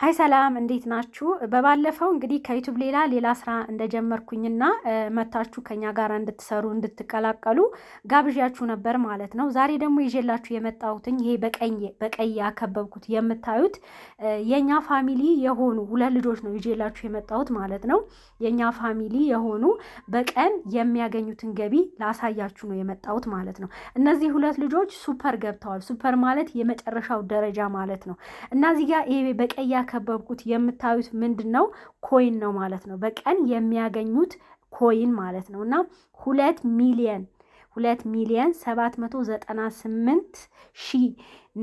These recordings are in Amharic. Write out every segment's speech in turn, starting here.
ሀይ ሰላም እንዴት ናችሁ? በባለፈው እንግዲህ ከዩቱብ ሌላ ሌላ ስራ እንደጀመርኩኝና መታችሁ ከኛ ጋር እንድትሰሩ እንድትቀላቀሉ ጋብዣችሁ ነበር ማለት ነው። ዛሬ ደግሞ ይዤላችሁ የመጣሁትኝ ይሄ በቀይ በቀይ ያከበብኩት የምታዩት የእኛ ፋሚሊ የሆኑ ሁለት ልጆች ነው ይዤላችሁ የመጣሁት ማለት ነው። የእኛ ፋሚሊ የሆኑ በቀን የሚያገኙትን ገቢ ላሳያችሁ ነው የመጣሁት ማለት ነው። እነዚህ ሁለት ልጆች ሱፐር ገብተዋል። ሱፐር ማለት የመጨረሻው ደረጃ ማለት ነው እና ጋር ይሄ በቀያ ያከበብኩት የምታዩት ምንድን ነው? ኮይን ነው ማለት ነው። በቀን የሚያገኙት ኮይን ማለት ነው እና ሁለት ሚሊየን ሁለት ሚሊየን ሰባት መቶ ዘጠና ስምንት ሺህ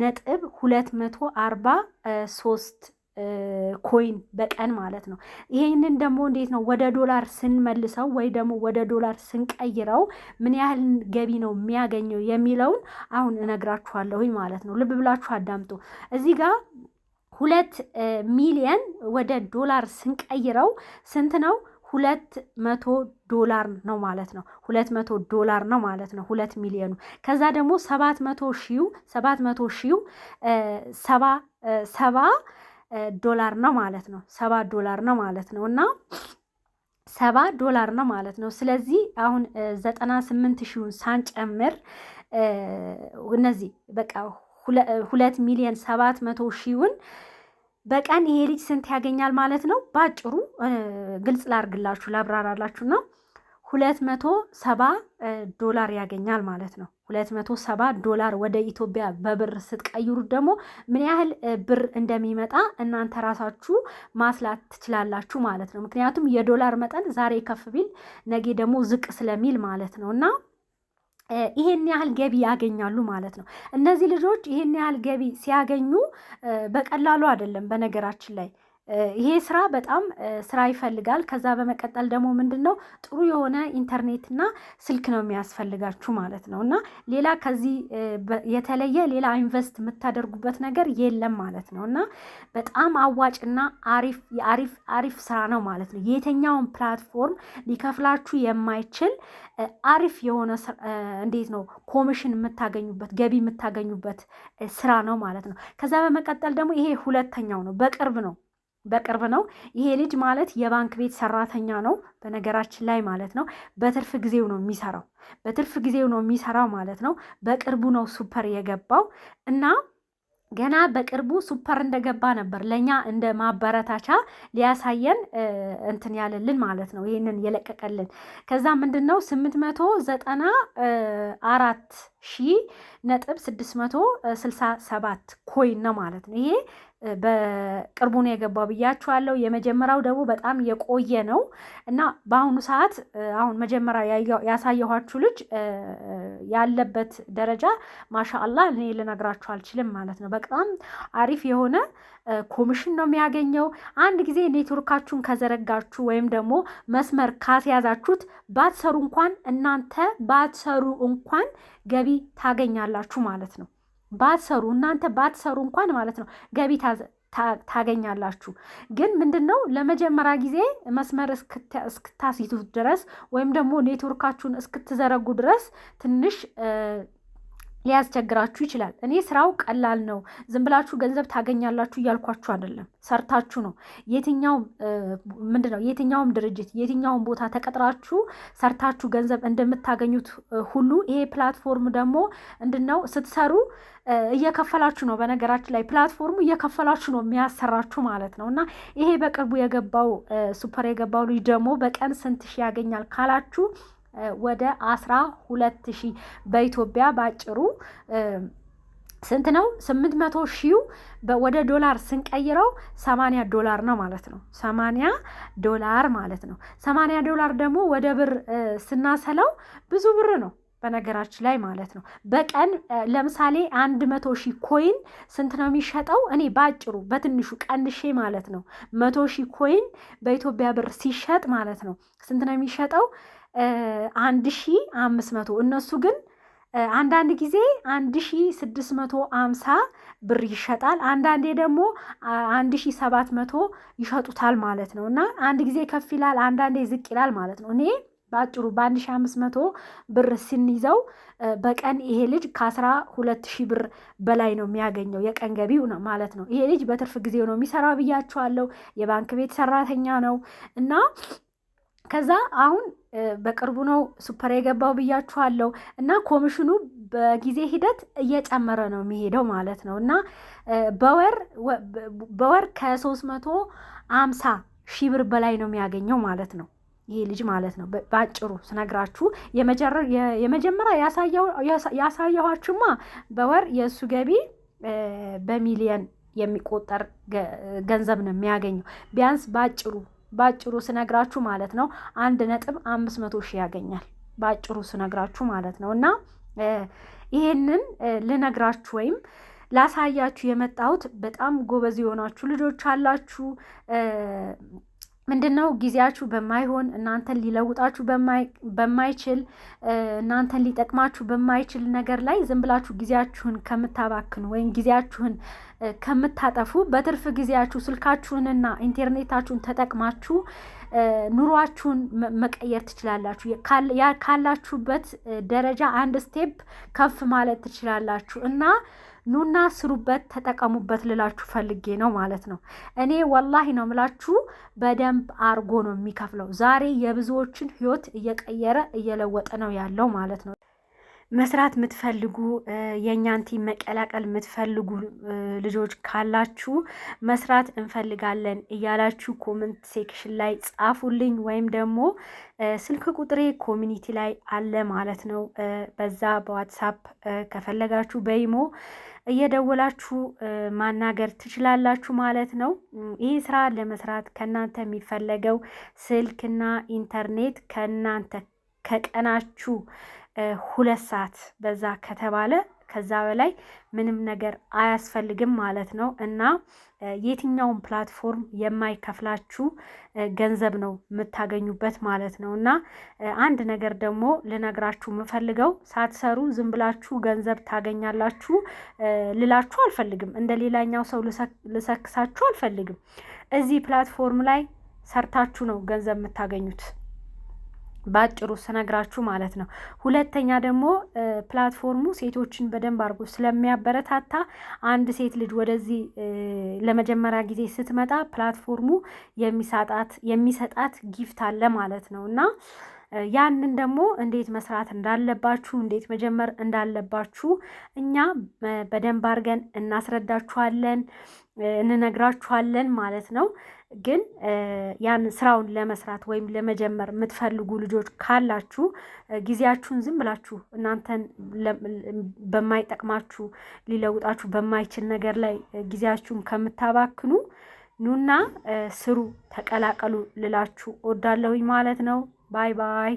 ነጥብ ሁለት መቶ አርባ ሶስት ኮይን በቀን ማለት ነው። ይሄንን ደግሞ እንዴት ነው ወደ ዶላር ስንመልሰው ወይ ደግሞ ወደ ዶላር ስንቀይረው ምን ያህል ገቢ ነው የሚያገኘው የሚለውን አሁን እነግራችኋለሁኝ ማለት ነው። ልብ ብላችሁ አዳምጡ እዚህ ጋር ሁለት ሚሊየን ወደ ዶላር ስንቀይረው ስንት ነው? ሁለት መቶ ዶላር ነው ማለት ነው። ሁለት መቶ ዶላር ነው ማለት ነው። ሁለት ሚሊዮኑ ከዛ ደግሞ ሰባት መቶ ሺው ሰባት መቶ ሺው ሰባ ሰባ ዶላር ነው ማለት ነው። ሰባ ዶላር ነው ማለት ነው እና ሰባ ዶላር ነው ማለት ነው። ስለዚህ አሁን ዘጠና ስምንት ሺውን ሳንጨምር እነዚህ በቃ ሁለት ሚሊዮን ሰባት መቶ ሺውን በቀን ይሄ ልጅ ስንት ያገኛል ማለት ነው? በአጭሩ ግልጽ ላርግላችሁ ላብራራላችሁ ነው። ሁለት መቶ ሰባ ዶላር ያገኛል ማለት ነው። ሁለት መቶ ሰባ ዶላር ወደ ኢትዮጵያ በብር ስትቀይሩት ደግሞ ምን ያህል ብር እንደሚመጣ እናንተ ራሳችሁ ማስላት ትችላላችሁ ማለት ነው። ምክንያቱም የዶላር መጠን ዛሬ ከፍ ቢል ነገ ደግሞ ዝቅ ስለሚል ማለት ነው እና ይሄን ያህል ገቢ ያገኛሉ ማለት ነው። እነዚህ ልጆች ይሄን ያህል ገቢ ሲያገኙ በቀላሉ አይደለም በነገራችን ላይ ይሄ ስራ በጣም ስራ ይፈልጋል። ከዛ በመቀጠል ደግሞ ምንድን ነው ጥሩ የሆነ ኢንተርኔትና ስልክ ነው የሚያስፈልጋችሁ ማለት ነው። እና ሌላ ከዚህ የተለየ ሌላ ኢንቨስት የምታደርጉበት ነገር የለም ማለት ነው። እና በጣም አዋጭና አሪፍ አሪፍ ስራ ነው ማለት ነው። የትኛውን ፕላትፎርም ሊከፍላችሁ የማይችል አሪፍ የሆነ እንዴት ነው ኮሚሽን የምታገኙበት ገቢ የምታገኙበት ስራ ነው ማለት ነው። ከዛ በመቀጠል ደግሞ ይሄ ሁለተኛው ነው፣ በቅርብ ነው በቅርብ ነው። ይሄ ልጅ ማለት የባንክ ቤት ሰራተኛ ነው፣ በነገራችን ላይ ማለት ነው። በትርፍ ጊዜው ነው የሚሰራው፣ በትርፍ ጊዜው ነው የሚሰራው ማለት ነው። በቅርቡ ነው ሱፐር የገባው እና ገና በቅርቡ ሱፐር እንደገባ ነበር ለእኛ እንደ ማበረታቻ ሊያሳየን እንትን ያለልን ማለት ነው። ይህንን የለቀቀልን ከዛ ምንድን ነው ስምንት መቶ ዘጠና አራት ሺህ ነጥብ ስድስት መቶ ስልሳ ሰባት ኮይን ነው ማለት ነው ይሄ በቅርቡ ነው የገባው ብያችኋለሁ። የመጀመሪያው ደግሞ በጣም የቆየ ነው እና በአሁኑ ሰዓት አሁን መጀመሪያ ያሳየኋችሁ ልጅ ያለበት ደረጃ ማሻአላ እኔ ልነግራችሁ አልችልም ማለት ነው። በጣም አሪፍ የሆነ ኮሚሽን ነው የሚያገኘው። አንድ ጊዜ ኔትወርካችሁን ከዘረጋችሁ ወይም ደግሞ መስመር ካስያዛችሁት ባትሰሩ እንኳን እናንተ ባትሰሩ እንኳን ገቢ ታገኛላችሁ ማለት ነው። ባትሰሩ እናንተ ባትሰሩ እንኳን ማለት ነው ገቢ ታገኛላችሁ። ግን ምንድን ነው ለመጀመሪያ ጊዜ መስመር እስክታስይዙት ድረስ ወይም ደግሞ ኔትወርካችሁን እስክትዘረጉ ድረስ ትንሽ ሊያስቸግራችሁ ይችላል። እኔ ስራው ቀላል ነው፣ ዝም ብላችሁ ገንዘብ ታገኛላችሁ እያልኳችሁ አይደለም። ሰርታችሁ ነው። የትኛውም ምንድን ነው የትኛውም ድርጅት የትኛውም ቦታ ተቀጥራችሁ ሰርታችሁ ገንዘብ እንደምታገኙት ሁሉ ይሄ ፕላትፎርም ደግሞ ምንድን ነው ስትሰሩ እየከፈላችሁ ነው። በነገራችን ላይ ፕላትፎርሙ እየከፈላችሁ ነው የሚያሰራችሁ ማለት ነው። እና ይሄ በቅርቡ የገባው ሱፐር የገባው ልጅ ደግሞ በቀን ስንት ሺ ያገኛል ካላችሁ ወደ አስራ ሁለት ሺህ በኢትዮጵያ ባጭሩ ስንት ነው? ስምንት መቶ ሺው ወደ ዶላር ስንቀይረው ሰማንያ ዶላር ነው ማለት ነው። ሰማንያ ዶላር ማለት ነው። ሰማንያ ዶላር ደግሞ ወደ ብር ስናሰላው ብዙ ብር ነው በነገራችን ላይ ማለት ነው። በቀን ለምሳሌ አንድ መቶ ሺህ ኮይን ስንት ነው የሚሸጠው? እኔ በአጭሩ በትንሹ ቀንሼ ማለት ነው። መቶ ሺህ ኮይን በኢትዮጵያ ብር ሲሸጥ ማለት ነው ስንት ነው የሚሸጠው? አንድ ሺ አምስት መቶ እነሱ ግን አንዳንድ ጊዜ አንድ ሺ ስድስት መቶ አምሳ ብር ይሸጣል። አንዳንዴ ደግሞ አንድ ሺ ሰባት መቶ ይሸጡታል ማለት ነው እና አንድ ጊዜ ከፍ ይላል፣ አንዳንዴ ዝቅ ይላል ማለት ነው። እኔ በአጭሩ በአንድ ሺ አምስት መቶ ብር ስንይዘው በቀን ይሄ ልጅ ከአስራ ሁለት ሺህ ብር በላይ ነው የሚያገኘው የቀን ገቢው ነው ማለት ነው። ይሄ ልጅ በትርፍ ጊዜው ነው የሚሰራ ብያችኋለሁ። የባንክ ቤት ሰራተኛ ነው እና ከዛ አሁን በቅርቡ ነው ሱፐር የገባው ብያችኋለሁ። እና ኮሚሽኑ በጊዜ ሂደት እየጨመረ ነው የሚሄደው ማለት ነው እና በወር በወር ከሶስት መቶ አምሳ ሺህ ብር በላይ ነው የሚያገኘው ማለት ነው ይሄ ልጅ ማለት ነው። በአጭሩ ስነግራችሁ የመጀመሪያ ያሳየኋችሁማ በወር የእሱ ገቢ በሚሊየን የሚቆጠር ገንዘብ ነው የሚያገኘው ቢያንስ በአጭሩ በአጭሩ ስነግራችሁ ማለት ነው አንድ ነጥብ አምስት መቶ ሺህ ያገኛል። በአጭሩ ስነግራችሁ ማለት ነው እና ይሄንን ልነግራችሁ ወይም ላሳያችሁ የመጣሁት በጣም ጎበዝ የሆናችሁ ልጆች አላችሁ ምንድነው ጊዜያችሁ በማይሆን እናንተን ሊለውጣችሁ በማይችል እናንተን ሊጠቅማችሁ በማይችል ነገር ላይ ዝም ብላችሁ ጊዜያችሁን ከምታባክኑ ወይም ጊዜያችሁን ከምታጠፉ በትርፍ ጊዜያችሁ ስልካችሁንና ኢንተርኔታችሁን ተጠቅማችሁ ኑሯችሁን መቀየር ትችላላችሁ። ካላችሁበት ደረጃ አንድ ስቴፕ ከፍ ማለት ትችላላችሁ እና ኑና ስሩበት፣ ተጠቀሙበት ልላችሁ ፈልጌ ነው ማለት ነው። እኔ ወላሂ ነው ምላችሁ በደንብ አርጎ ነው የሚከፍለው። ዛሬ የብዙዎችን ህይወት እየቀየረ እየለወጠ ነው ያለው ማለት ነው። መስራት የምትፈልጉ የእኛን ቲም መቀላቀል የምትፈልጉ ልጆች ካላችሁ መስራት እንፈልጋለን እያላችሁ ኮመንት ሴክሽን ላይ ጻፉልኝ፣ ወይም ደግሞ ስልክ ቁጥሬ ኮሚኒቲ ላይ አለ ማለት ነው። በዛ በዋትሳፕ ከፈለጋችሁ በይሞ እየደወላችሁ ማናገር ትችላላችሁ ማለት ነው። ይህ ስራ ለመስራት ከእናንተ የሚፈለገው ስልክና ኢንተርኔት ከእናንተ ከቀናችሁ ሁለት ሰዓት በዛ ከተባለ ከዛ በላይ ምንም ነገር አያስፈልግም ማለት ነው እና የትኛውን ፕላትፎርም የማይከፍላችሁ ገንዘብ ነው የምታገኙበት ማለት ነው። እና አንድ ነገር ደግሞ ልነግራችሁ የምፈልገው ሳትሰሩ ዝም ብላችሁ ገንዘብ ታገኛላችሁ ልላችሁ አልፈልግም። እንደ ሌላኛው ሰው ልሰክሳችሁ አልፈልግም። እዚህ ፕላትፎርም ላይ ሰርታችሁ ነው ገንዘብ የምታገኙት። ባጭሩ ስነግራችሁ ማለት ነው። ሁለተኛ ደግሞ ፕላትፎርሙ ሴቶችን በደንብ አድርጎ ስለሚያበረታታ አንድ ሴት ልጅ ወደዚህ ለመጀመሪያ ጊዜ ስትመጣ ፕላትፎርሙ የሚሰጣት ጊፍት አለ ማለት ነው እና ያንን ደግሞ እንዴት መስራት እንዳለባችሁ እንዴት መጀመር እንዳለባችሁ እኛ በደንብ አድርገን እናስረዳችኋለን፣ እንነግራችኋለን ማለት ነው። ግን ያን ስራውን ለመስራት ወይም ለመጀመር የምትፈልጉ ልጆች ካላችሁ ጊዜያችሁን ዝም ብላችሁ እናንተን በማይጠቅማችሁ ሊለውጣችሁ በማይችል ነገር ላይ ጊዜያችሁን ከምታባክኑ ኑና ስሩ፣ ተቀላቀሉ ልላችሁ ወዳለሁኝ ማለት ነው። ባይ ባይ።